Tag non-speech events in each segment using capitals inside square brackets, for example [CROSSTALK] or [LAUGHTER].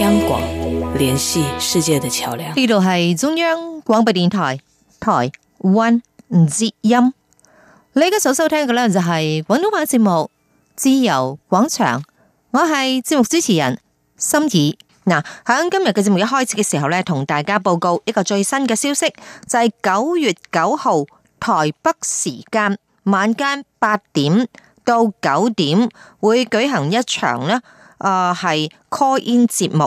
香港聯繫世界的橋樑。呢度係中央廣播電台台灣之音。你而家所收聽嘅呢，就係廣東話節目《自由廣場》，我係節目主持人心怡。嗱，喺今日嘅節目一開始嘅時候咧，同大家報告一個最新嘅消息，就係、是、九月九號台北時間晚間八點到九點會舉行一場咧。啊，係、uh, call in 節目，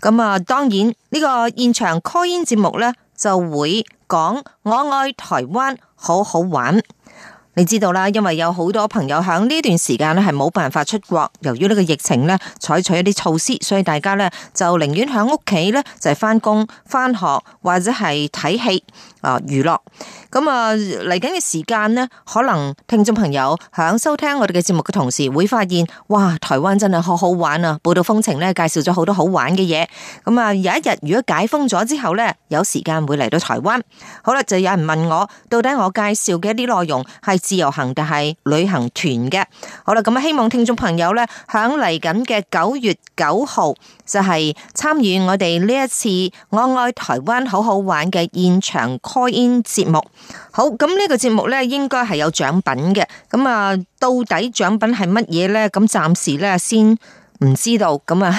咁、嗯、啊，當然呢、呢個現場 call in 節目呢，就會講我愛台灣，好好玩。你知道啦，因為有好多朋友響呢段時間咧係冇辦法出國，由於呢個疫情呢，採取一啲措施，所以大家呢，就寧願響屋企呢，就係翻工、翻學或者係睇戲。啊！娛樂咁啊，嚟緊嘅時間呢，可能聽眾朋友響收聽我哋嘅節目嘅同時，會發現哇，台灣真係好好玩啊！寶島風情呢，介紹咗好多好玩嘅嘢。咁啊，有一日如果解封咗之後呢，有時間會嚟到台灣。好啦，就有人問我，到底我介紹嘅一啲內容係自由行定係旅行團嘅？好啦，咁啊，希望聽眾朋友呢，響嚟緊嘅九月九號就係參與我哋呢一次我愛，愛台灣好好玩嘅現場。開音節目，好咁呢個節目呢應該係有獎品嘅。咁啊，到底獎品係乜嘢呢？咁暫時呢先唔知道。咁啊，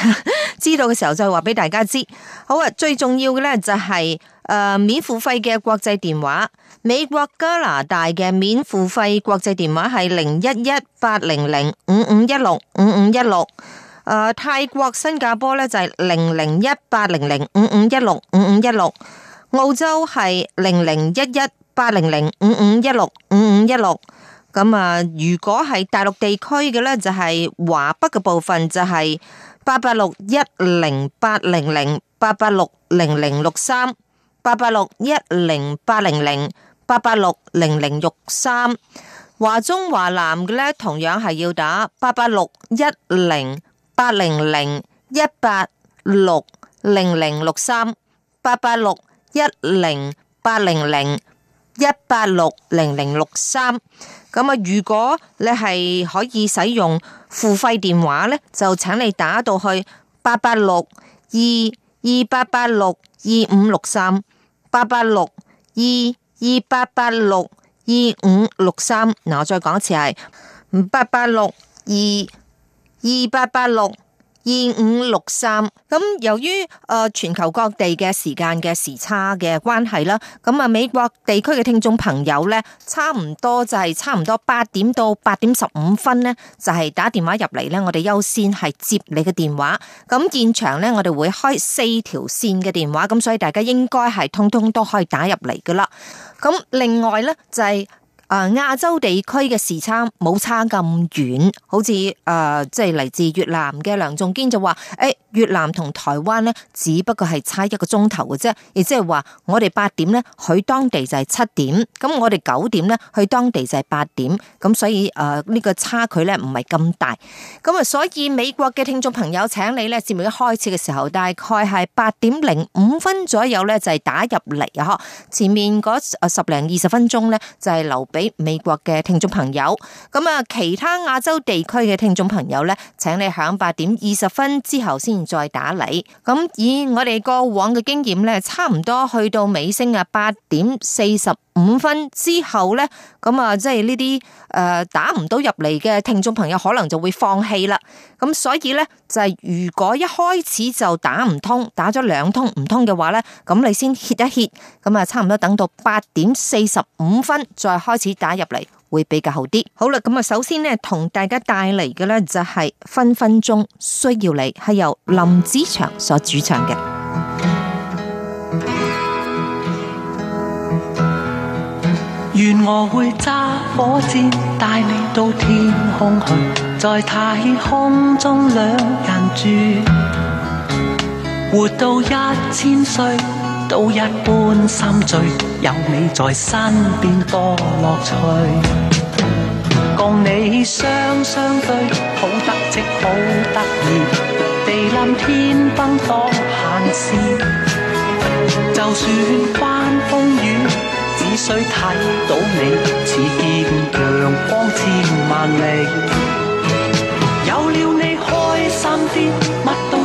知道嘅時候再話俾大家知。好啊，最重要嘅呢就係誒免付費嘅國際電話，美國、加拿大嘅免付費國際電話係零一一八零零五五一六五五一六。誒，泰國、新加坡呢就係零零一八零零五五一六五五一六。澳洲係零零一一八零零五五一六五五一六，咁啊。如果係大陸地區嘅呢，就係華北嘅部分就係八八六一零八零零八八六零零六三八八六一零八零零八八六零零六三。華中、華南嘅呢，同樣係要打八八六一零八零零一八六零零六三八八六。一零八零零一八六零零六三，咁啊，63，如果你係可以使用付費電話呢，就請你打到去八八六二二八八六二五六三。八八六二二八八六二五六三。嗱，63, 63，我再講一次係八八六二二八八六。二五六三，咁由於誒全球各地嘅時間嘅時差嘅關係啦，咁啊美國地區嘅聽眾朋友呢，差唔多就係差唔多八點到八點十五分呢，就係打電話入嚟呢。我哋優先係接你嘅電話。咁現場呢，我哋會開四條線嘅電話，咁所以大家應該係通通都可以打入嚟噶啦。咁另外呢，就係……啊、呃，亞洲地區嘅時差冇差咁遠，好似啊、呃，即係嚟自越南嘅梁仲堅就話，誒、欸，越南同台灣呢，只不過係差一個鐘頭嘅啫，亦即係話我哋八點呢去當地就係七點，咁我哋九點呢去當地就係八點，咁所以啊，呢、呃呢個差距呢唔係咁大，咁啊，所以美國嘅聽眾朋友請你呢，節目一開始嘅時候大概係八點零五分左右呢，就係、是、打入嚟啊！呵，前面十零二十分鐘呢，就係、是、留。俾美國嘅聽眾朋友，咁啊，其他亞洲地區嘅聽眾朋友呢，請你響八點二十分之後先再打嚟。咁以我哋過往嘅經驗呢，差唔多去到尾聲啊，八點四十五分之後呢，咁啊，即係呢啲誒打唔到入嚟嘅聽眾朋友，可能就會放棄啦。咁所以呢，就係、是、如果一開始就打唔通，打咗兩通唔通嘅話呢，咁你先歇一歇，e 咁啊，差唔多等到八點四十五分再開始。只打入嚟會比較好啲。好啦，咁啊，首先呢，同大家帶嚟嘅呢，就係分分鐘需要你，係由林子祥所主唱嘅。願我會揸火箭帶你到天空去，在太空中兩人住，活到一千歲。都一般心醉，有你在身邊多樂趣。共你雙雙對，好得戚好得意，地冧天崩多閒事。 [NOISE] 就算翻風雨，只需睇到你，似見陽光千萬里。 [NOISE] 有了你開心啲。乜？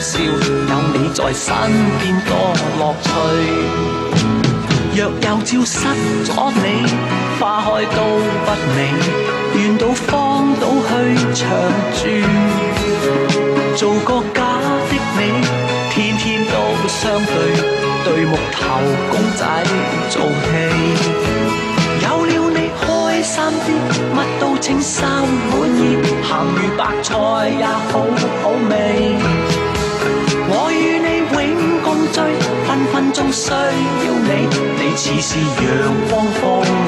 笑，有你在身邊多樂趣，若有朝失咗你，花開都不美。願到荒島去長住，做個假的你，天天都相對，對木頭公仔做戲。有了你開心啲，乜都稱心滿意，鹹魚白菜也好好味。我與你永共聚，分分鐘需要你，你似是陽光空。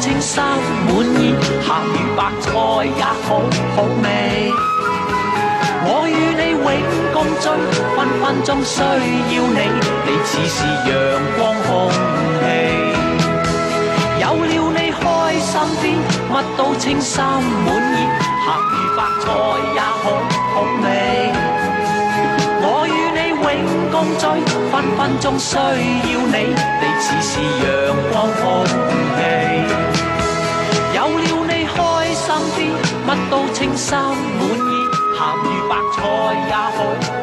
稱心滿意，鹹魚白菜也好好味。我與你永共聚，分分鐘需要你，你似是陽光空氣。有了你開心啲，乜都稱心滿意，鹹魚白菜也好好味。共聚，分分鐘需要你，你似是陽光空氣。有了你開心啲，乜都稱心滿意，鹹魚白菜也好。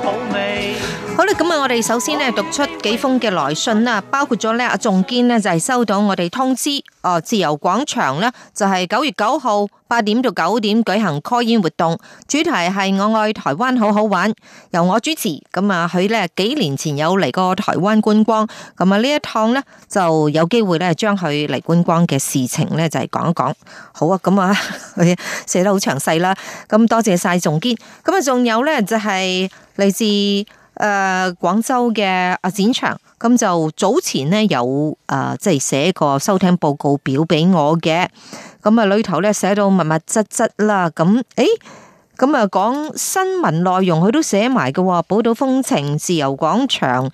咁啊，我哋首先咧讀出幾封嘅來信啦，包括咗咧阿仲堅咧就係收到我哋通知，哦，自由廣場呢就係九月九號八點到九點舉行 call in 活動，主題係我愛台灣好好玩，由我主持。咁啊，佢咧幾年前有嚟過台灣觀光，咁啊呢一趟呢就有機會咧將佢嚟觀光嘅事情咧就係講一講。好啊，咁啊寫得好詳細啦，咁多謝晒仲堅。咁啊，仲有咧就係嚟自。誒，呃、廣州嘅阿展祥，咁就早前咧有誒，即係寫個收聽報告表俾我嘅，咁啊裏頭咧寫到密密質質啦，咁、嗯、誒、咁、嗯、啊講新聞內容佢都寫埋嘅，寶島風情、自由廣場，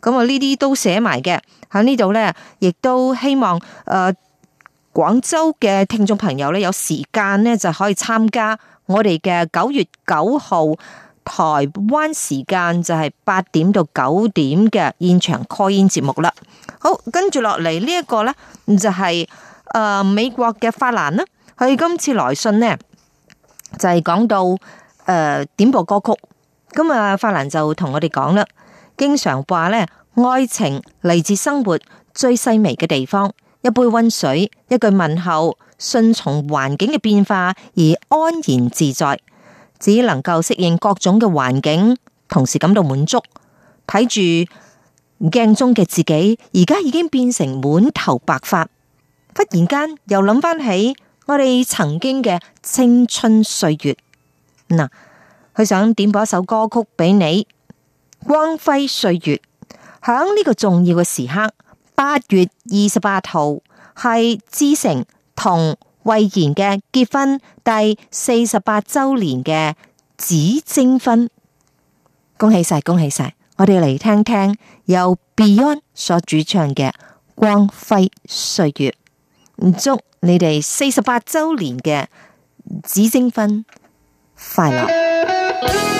咁啊呢啲都寫埋嘅，喺呢度咧亦都希望誒、呃、廣州嘅聽眾朋友咧有時間咧就可以參加我哋嘅九月九號。台灣時間就係八點到九點嘅現場 call-in 節目啦。好，跟住落嚟呢一個呢，就係、是、誒、呃、美國嘅法蘭啦。佢今次來信呢，就係、是、講到誒、呃、點播歌曲。咁、嗯、啊，法蘭就同我哋講啦，經常話呢，愛情嚟自生活最細微嘅地方，一杯溫水，一句問候，順從環境嘅變化而安然自在。只能夠適應各種嘅環境，同時感到滿足。睇住鏡中嘅自己，而家已經變成滿頭白髮。忽然間又諗翻起我哋曾經嘅青春歲月。嗱，佢想點播一首歌曲俾你，《光輝歲月》。響呢個重要嘅時刻，八月二十八號係知誠同魏延嘅結婚第四十八周年嘅紫晶婚，恭喜晒，恭喜晒！我哋嚟聽聽由 Beyond 所主唱嘅《光輝歲月》，祝你哋四十八周年嘅紫晶婚快樂。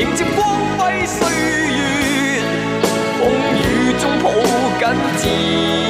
迎接光輝歲月，風雨中抱緊自由。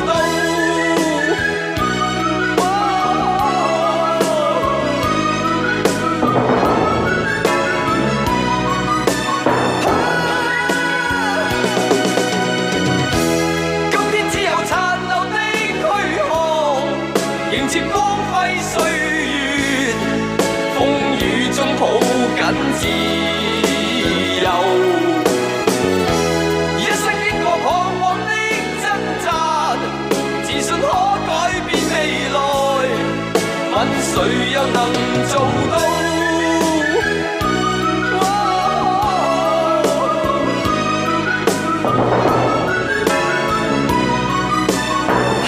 自信可改變未來，問誰又能做到？啊啊啊啊啊、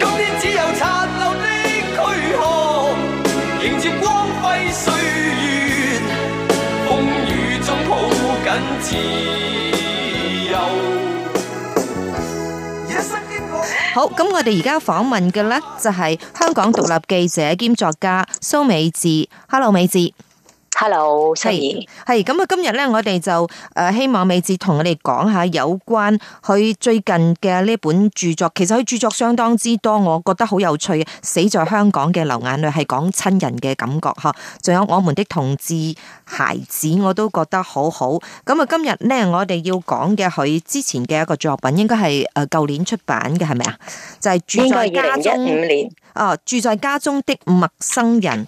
今天只有殘留的軀殼，迎接光輝歲月，風雨中抱緊自。好，咁我哋而家訪問嘅咧就係香港獨立記者兼作家蘇美智，Hello 美智。Hello，心怡係咁啊！今日咧，我哋就誒希望美智同我哋講下有關佢最近嘅呢本著作。其實佢著作相當之多，我覺得好有趣。死在香港嘅流眼淚係講親人嘅感覺嗬。仲有我們的同志孩子，我都覺得好好。咁啊，今日咧，我哋要講嘅佢之前嘅一個作品，應該係誒舊年出版嘅，係咪啊？就係、是、住在家中五年啊，住在家中的陌生人。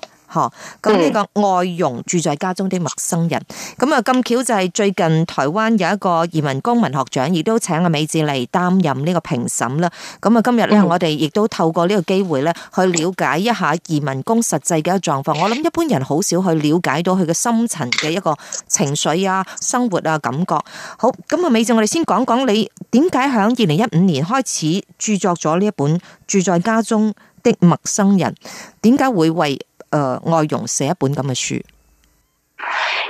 咁呢個外傭住在家中的陌生人咁啊，咁巧就係最近台灣有一個移民工文學獎，亦都請阿美智嚟擔任呢個評審啦。咁啊，今日呢，我哋亦都透過呢個機會呢，去了解一下移民工實際嘅一個狀況。我諗一般人好少去了解到佢嘅深層嘅一個情緒啊、生活啊、感覺。好，咁啊，美智，我哋先講講你點解響二零一五年開始著作咗呢一本《住在家中的陌生人》，點解會為？誒，外傭寫一本咁嘅書，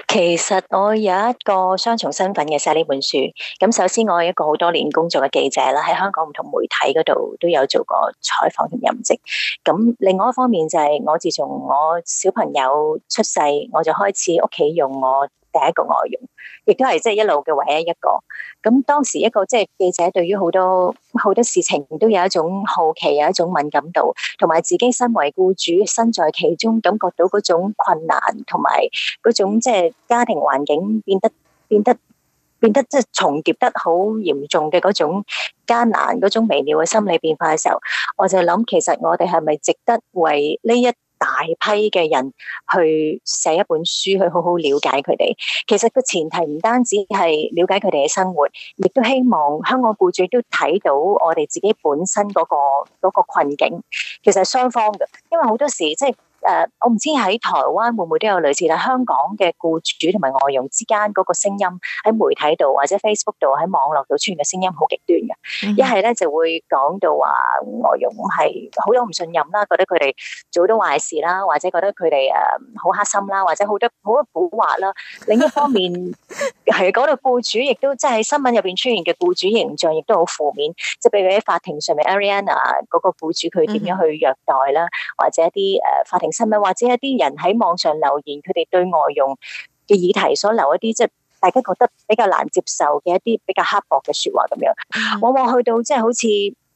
其實我有一個雙重身份嘅寫呢本書。咁首先我係一個好多年工作嘅記者啦，喺香港唔同媒體嗰度都有做過採訪同任職。咁另外一方面就係我自從我小朋友出世，我就開始屋企用我。第一個外佣亦都係即係一路嘅唯一一個。咁當時一個即係記者對於好多好多事情都有一種好奇，有一種敏感度，同埋自己身為僱主身在其中，感覺到嗰種困難，同埋嗰種即係家庭環境變得變得變得即係重疊得好嚴重嘅嗰種艱難，嗰種微妙嘅心理變化嘅時候，我就諗，其實我哋係咪值得為呢一？大批嘅人去寫一本書，去好好了解佢哋。其實個前提唔單止係了解佢哋嘅生活，亦都希望香港僱主都睇到我哋自己本身嗰個嗰個困境。其實雙方嘅，因為好多時即係。就是誒，uh, 我唔知喺台灣會唔會都有類似啦。但香港嘅雇主同埋外傭之間嗰個聲音喺媒體度或者 Facebook 度喺網絡度出現嘅聲音好極端嘅，一係咧就會講到話外傭係好有唔信任啦，覺得佢哋做好多壞事啦，或者覺得佢哋誒好黑心啦，或者好多好多蠱惑啦。另一方面係講 [LAUGHS] 到雇主，亦都即係新聞入邊出現嘅雇主形象，亦都好負面。即係譬如喺法庭上面，Ariana 嗰個僱主佢點樣去虐待啦，mm hmm. 或者一啲誒、呃、法庭。甚至或者一啲人喺網上留言，佢哋對外用嘅議題所留一啲，即係大家覺得比較難接受嘅一啲比較刻薄嘅說話咁樣，往往去到即係好似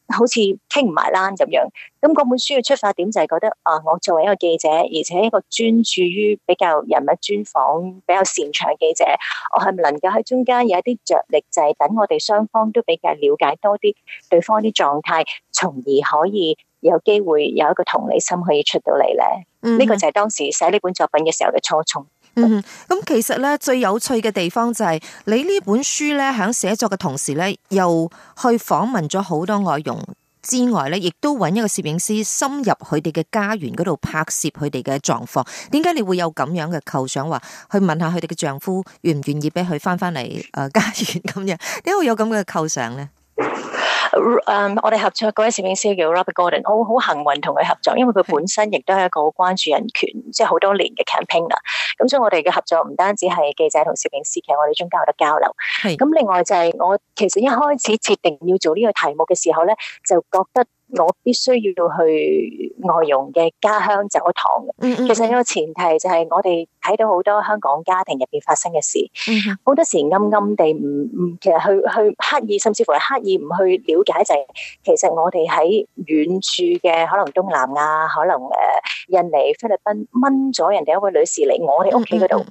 好似傾唔埋啦咁樣。咁嗰本書嘅出發點就係覺得啊，我作為一個記者，而且一個專注於比較人物專訪比較擅長嘅記者，我係咪能夠喺中間有一啲着力，就係等我哋雙方都比較了解多啲對方啲狀態，從而可以。有機會有一個同理心可以出到嚟咧，呢、mm hmm。個就係當時寫呢本作品嘅時候嘅初衷。嗯、mm，咁、hmm。其實咧最有趣嘅地方就係你呢本書咧喺寫作嘅同時咧，又去訪問咗好多外傭之外咧，亦都揾一個攝影師深入佢哋嘅家園嗰度拍攝佢哋嘅狀況。點解你會有咁樣嘅構想？話去問下佢哋嘅丈夫願唔願意俾佢翻翻嚟誒家園咁樣？點解會有咁嘅構想咧？誒，um, 我哋合作嗰位攝影師叫 Robert Gordon，我好幸運同佢合作，因為佢本身亦都係一個好關注人權，即係好多年嘅 campaigner。咁、嗯、所以我哋嘅合作唔單止係記者同攝影師，其實我哋中間有得交流。係咁是、嗯，另外就係我其實一開始設定要做呢個題目嘅時候咧，就覺得。我必須要到去外傭嘅家鄉走一趟。其實有個前提就係我哋睇到好多香港家庭入邊發生嘅事，好多時暗暗地唔唔，其實去去刻意，甚至乎係刻意唔去了解就係，其實我哋喺遠處嘅可能東南亞，可能誒、印尼、菲律賓，掹咗人哋一位女士嚟我哋屋企嗰度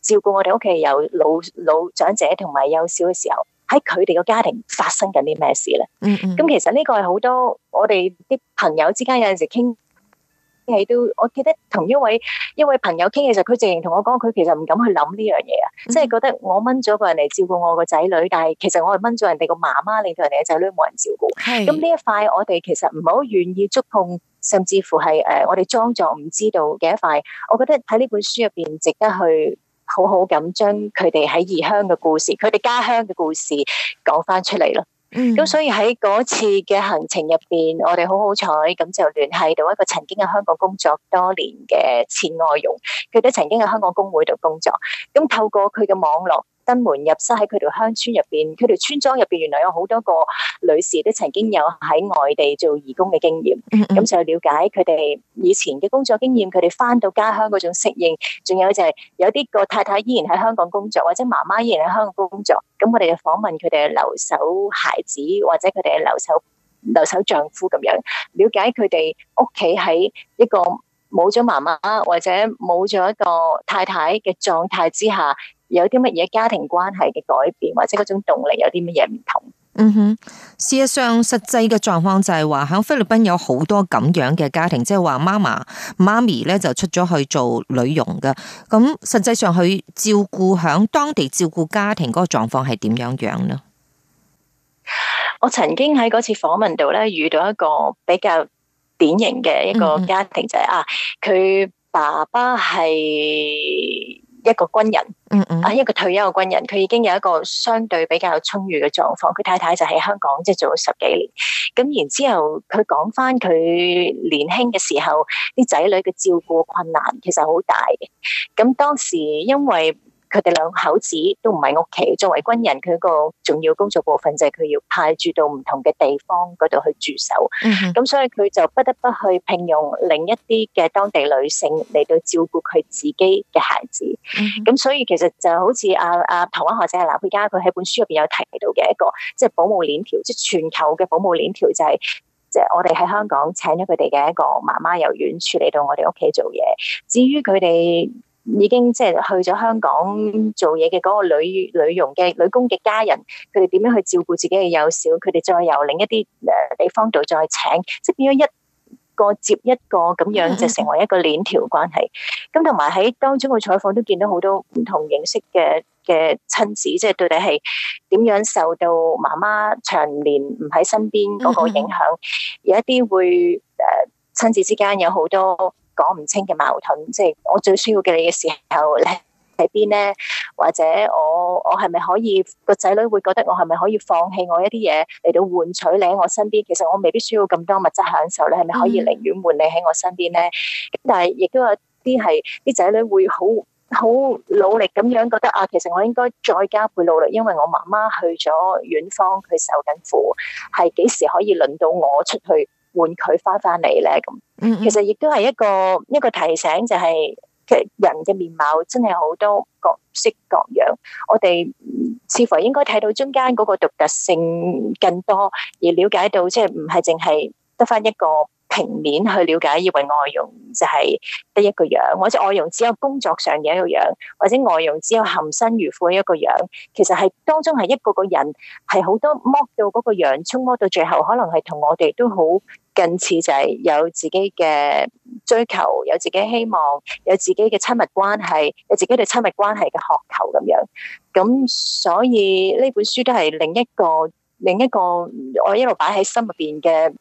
照顧我哋屋企有老老長者同埋幼小嘅時候。喺佢哋個家庭發生緊啲咩事咧？嗯，嗯，咁其實呢個係好多我哋啲朋友之間有陣時傾，係都我記得同一位一位朋友傾嘅時候，佢直情同我講，佢其實唔敢去諗呢樣嘢啊，嗯、即係覺得我掹咗一個人嚟照顧我個仔女，但係其實我係掹咗人哋個媽媽，令到人哋嘅仔女冇人照顧。係是，咁呢一塊我哋其實唔係好願意觸碰，甚至乎係誒、呃、我哋裝作唔知道嘅一塊。我覺得喺呢本書入邊值得去。好好咁將佢哋喺異鄉嘅故事，佢哋家鄉嘅故事講翻出嚟咯。咁、嗯、所以喺嗰次嘅行程入邊，我哋好好彩，咁就聯繫到一個曾經喺香港工作多年嘅錢愛容，佢哋曾經喺香港工會度工作。咁透過佢嘅網絡，登門入室喺佢條鄉村入邊，佢條村莊入邊原來有好多個女士都曾經有喺外地做義工嘅經驗，咁就了解佢哋以前嘅工作經驗，佢哋翻到家鄉嗰種適應，仲有就係有啲個太太依然喺香港工作，或者媽媽依然喺香港工作，咁我哋就訪問佢哋嘅留守孩子或者佢哋嘅留守留守丈夫咁樣，了解佢哋屋企喺一個冇咗媽媽或者冇咗一個太太嘅狀態之下。有啲乜嘢家庭關係嘅改變，或者嗰種動力有啲乜嘢唔同？嗯哼，事實上實際嘅狀況就係話喺菲律賓有好多咁樣嘅家庭，即係話媽媽、媽咪咧就出咗去做女傭噶。咁實際上佢照顧響當地照顧家庭嗰個狀況係點樣樣呢？我曾經喺嗰次訪問度咧遇到一個比較典型嘅一個家庭，嗯嗯，就係、是、啊，佢爸爸係。一個軍人，啊、嗯嗯，一個退休嘅軍人，佢已經有一個相對比較充裕嘅狀況。佢太太就喺香港，即係做咗十幾年。咁然之後，佢講翻佢年輕嘅時候，啲仔女嘅照顧困難其實好大嘅。咁當時因為佢哋兩口子都唔喺屋企，作為軍人，佢個重要工作部分就係佢要派駐到唔同嘅地方嗰度去駐守。咁、嗯、哼所以佢就不得不去聘用另一啲嘅當地女性嚟到照顧佢自己嘅孩子。咁、嗯、哼所以其實就好似啊啊台灣學者藍佩嘉佢喺本書入邊有提到嘅一個即係保姆鏈條，即、就、係、是、全球嘅保姆鏈條就係即係我哋喺香港請咗佢哋嘅一個媽媽由遠處嚟到我哋屋企做嘢。至於佢哋。已經即係去咗香港做嘢嘅嗰個女女傭嘅女工嘅家人，佢哋點樣去照顧自己嘅幼小？佢哋再由另一啲誒、呃、地方度再請，即係變咗一個接一個咁樣就成為一個鏈條關係。咁同埋喺當中嘅採訪都見到好多唔同形式嘅嘅親子，即係到底係點樣受到媽媽長年唔喺身邊嗰個影響？ [LAUGHS] 有一啲會誒、呃、親子之間有好多。講唔清嘅矛盾，即係我最需要嘅你嘅時候，你喺邊呢？或者我我係咪可以個仔女會覺得我係咪可以放棄我一啲嘢嚟到換取你喺我身邊？其實我未必需要咁多物質享受，你係咪可以寧願換你喺我身邊呢？嗯、但係亦都有啲係啲仔女會好好努力咁樣，覺得啊，其實我應該再加倍努力，因為我媽媽去咗遠方，佢受緊苦，係幾時可以輪到我出去？換佢翻翻嚟咧，咁其實亦都係一個一個提醒，就是，就係嘅人嘅面貌真係好多各色各樣，我哋似乎應該睇到中間嗰個獨特性更多，而了解到即係唔係淨係得翻一個。平面去了解，以為外傭就係得一個樣，或者外傭只有工作上嘅一個樣，或者外傭只有含辛茹苦一個樣。其實係當中係一個個人，係好多剝到嗰個洋蔥，剝到最後，可能係同我哋都好近似，就係、是、有自己嘅追求，有自己希望，有自己嘅親密關係，有自己對親密關係嘅渴求咁樣。咁所以呢本書都係另一個另一個，一個我一路擺喺心入邊嘅。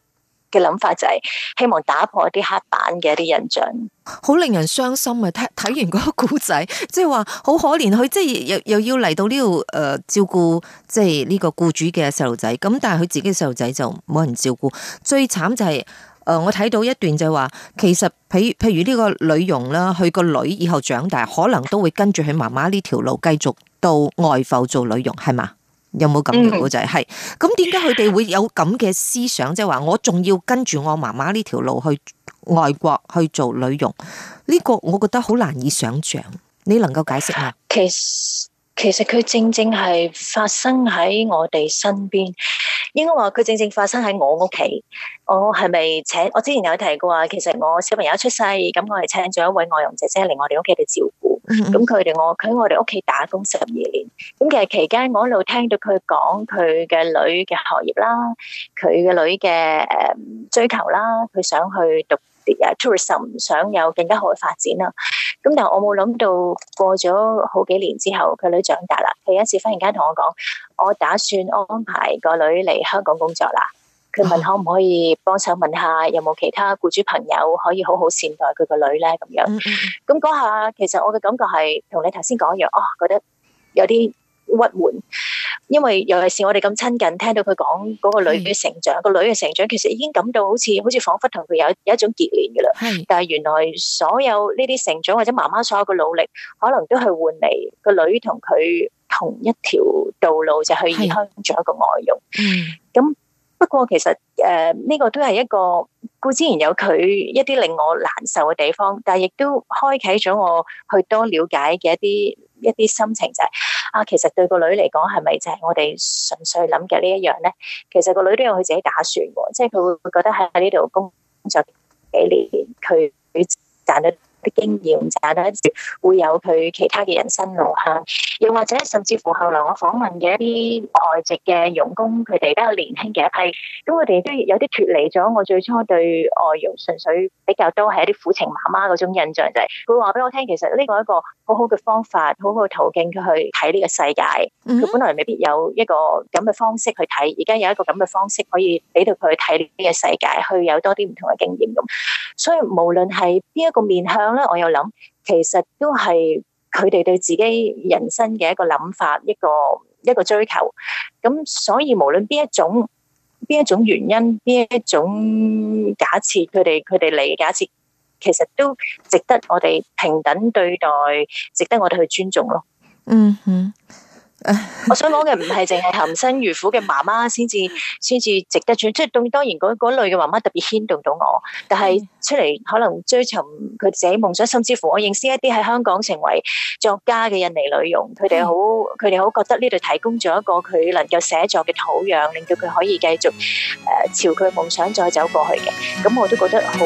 嘅諗法就係希望打破一啲黑板嘅一啲印象，好令人傷心啊！睇睇完嗰個故仔，即係話好可憐，佢即係又又要嚟到呢度誒照顧，即係呢個僱主嘅細路仔。咁但係佢自己嘅細路仔就冇人照顧，最慘就係誒，我睇到一段就係話，其實譬譬如呢個女傭啦，佢個女以後長大，可能都會跟住佢媽媽呢條路，繼續到外埠做女傭，係嘛？有冇咁嘅古仔？係咁點解佢哋會有咁嘅思想？即係話我仲要跟住我媽媽呢條路去外國去做女傭？呢個我覺得好難以想象。你能夠解釋下？其實其實佢正正係發生喺我哋身邊。應該話佢正正發生喺我屋企，我係咪請？我之前有提過話，其實我小朋友出世，咁我係請咗一位外傭姐姐嚟我哋屋企嚟照顧。咁佢哋我佢喺我哋屋企打工十二年。咁其實期間我一路聽到佢講佢嘅女嘅學業啦，佢嘅女嘅誒追求啦，佢想去讀 tourism 想有更加好嘅發展啦。咁但係我冇諗到過咗好幾年之後，佢女長大啦。佢有一次忽然間同我講，我打算安排個女嚟香港工作啦。佢問可唔可以幫手問下，有冇其他雇主朋友可以好好善待佢個女呢？咁樣。咁嗰、嗯嗯嗯、下，其實我嘅感覺係同你頭先講一樣，哦，覺得有啲鬱悶。因為尤其是我哋咁親近，聽到佢講嗰個女嘅成長，個、嗯、女嘅成長其實已經感到好似好似仿佛同佢有有一種結連㗎啦。嗯、但係原來所有呢啲成長或者媽媽所有嘅努力，可能都係換嚟個女同佢同一條道路就是，去而開咗一個外傭。嗯，咁不過其實誒呢、呃這個都係一個固然有佢一啲令我難受嘅地方，但係亦都開啟咗我去多了解嘅一啲。一啲心情就係、是、啊，其實對個女嚟講係咪就係我哋純粹諗嘅呢一樣咧？其實個女都有佢自己打算嘅，即係佢會覺得喺呢度工作幾年，佢賺到啲經驗，賺到會有佢其他嘅人生路向。又或者甚至乎後來我訪問嘅一啲外籍嘅傭工，佢哋比較年輕嘅一批，咁佢哋都有啲脫離咗我最初對外傭純粹比較多係一啲苦情媽媽嗰種印象，就係佢話俾我聽，其實呢個一個。好好嘅方法，好好嘅途徑，佢去睇呢個世界。佢本來未必有一個咁嘅方式去睇，而家有一個咁嘅方式可以俾到佢去睇呢個世界，去有多啲唔同嘅經驗咁。所以無論係邊一個面向咧，我又諗，其實都係佢哋對自己人生嘅一個諗法，一個一個追求。咁所以無論邊一種邊一種原因，邊一種假設，佢哋佢哋嚟嘅假設，其實都值得我哋平等對待，值得我哋去尊重咯。嗯哼。我想講嘅唔係淨係含辛茹苦嘅媽媽先至先至值得轉，即係當然嗰嗰類嘅媽媽特別牽動到我。但係出嚟，可能追尋佢自己夢想，甚至乎我認識一啲喺香港成為作家嘅印尼女傭，佢哋好佢哋好覺得呢度提供咗一個佢能夠寫作嘅土壤，令到佢可以繼續誒朝佢夢想再走過去嘅。咁我都覺得好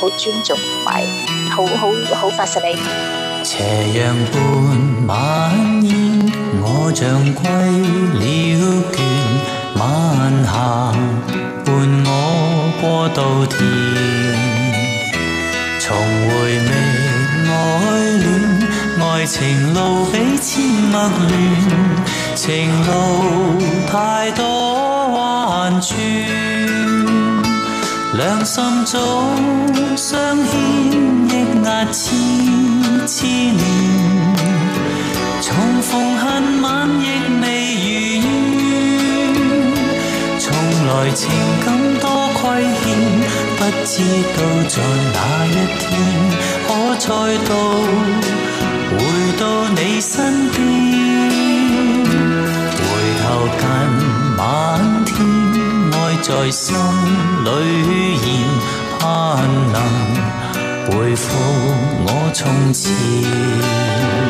好尊重同埋好好好發實力。斜陽伴馬。像歸了倦晚霞，伴我過稻田。重回未愛戀，愛情路比千墨亂，情路太多彎轉，兩心中相牽，抑壓千千念。千重逢恨晚亦未如願。從來情感多虧欠，不知道在哪一天可再度回到你身邊。回頭近晚天，愛在心裏現，盼能回復我從前。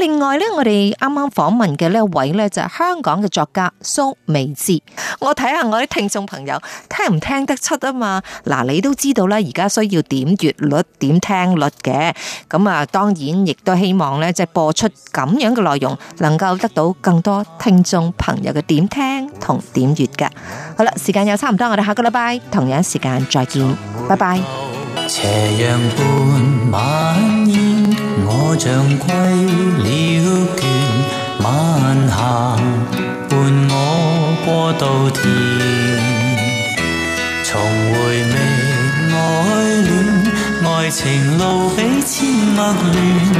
另外咧，我哋啱啱訪問嘅呢一位咧就係香港嘅作家蘇美智。我睇下我啲聽眾朋友聽唔聽得出啊嘛。嗱，你都知道啦，而家需要點閱率、點聽率嘅。咁啊，當然亦都希望咧，即係播出咁樣嘅內容，能夠得到更多聽眾朋友嘅點聽同點閱嘅。好啦，時間又差唔多，我哋下個禮拜同樣時間再見，拜拜。斜陽半夜歸了倦，晚霞伴我過稻田，重回未愛戀，愛情路比千陌亂，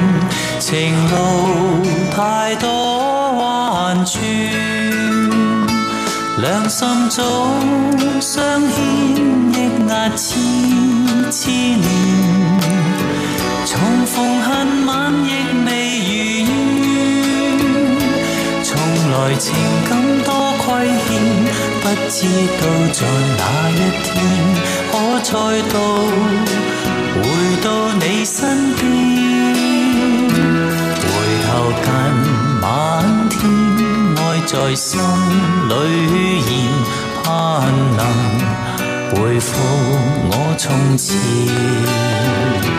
情路太多彎轉，兩心中相牽，抑壓千千念。重逢恨晚亦未如願。從來情感多虧欠，不知道在哪一天可再度回到你身邊。回頭近晚天，愛在心裏而現，盼能回復我從前。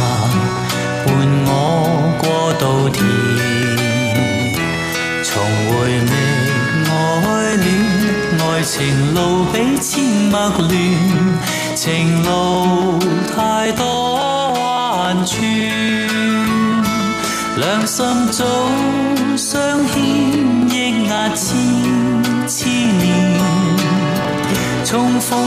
情路比千陌亂，情路太多彎轉，兩心早相牽，抑壓、啊、千千年。重逢。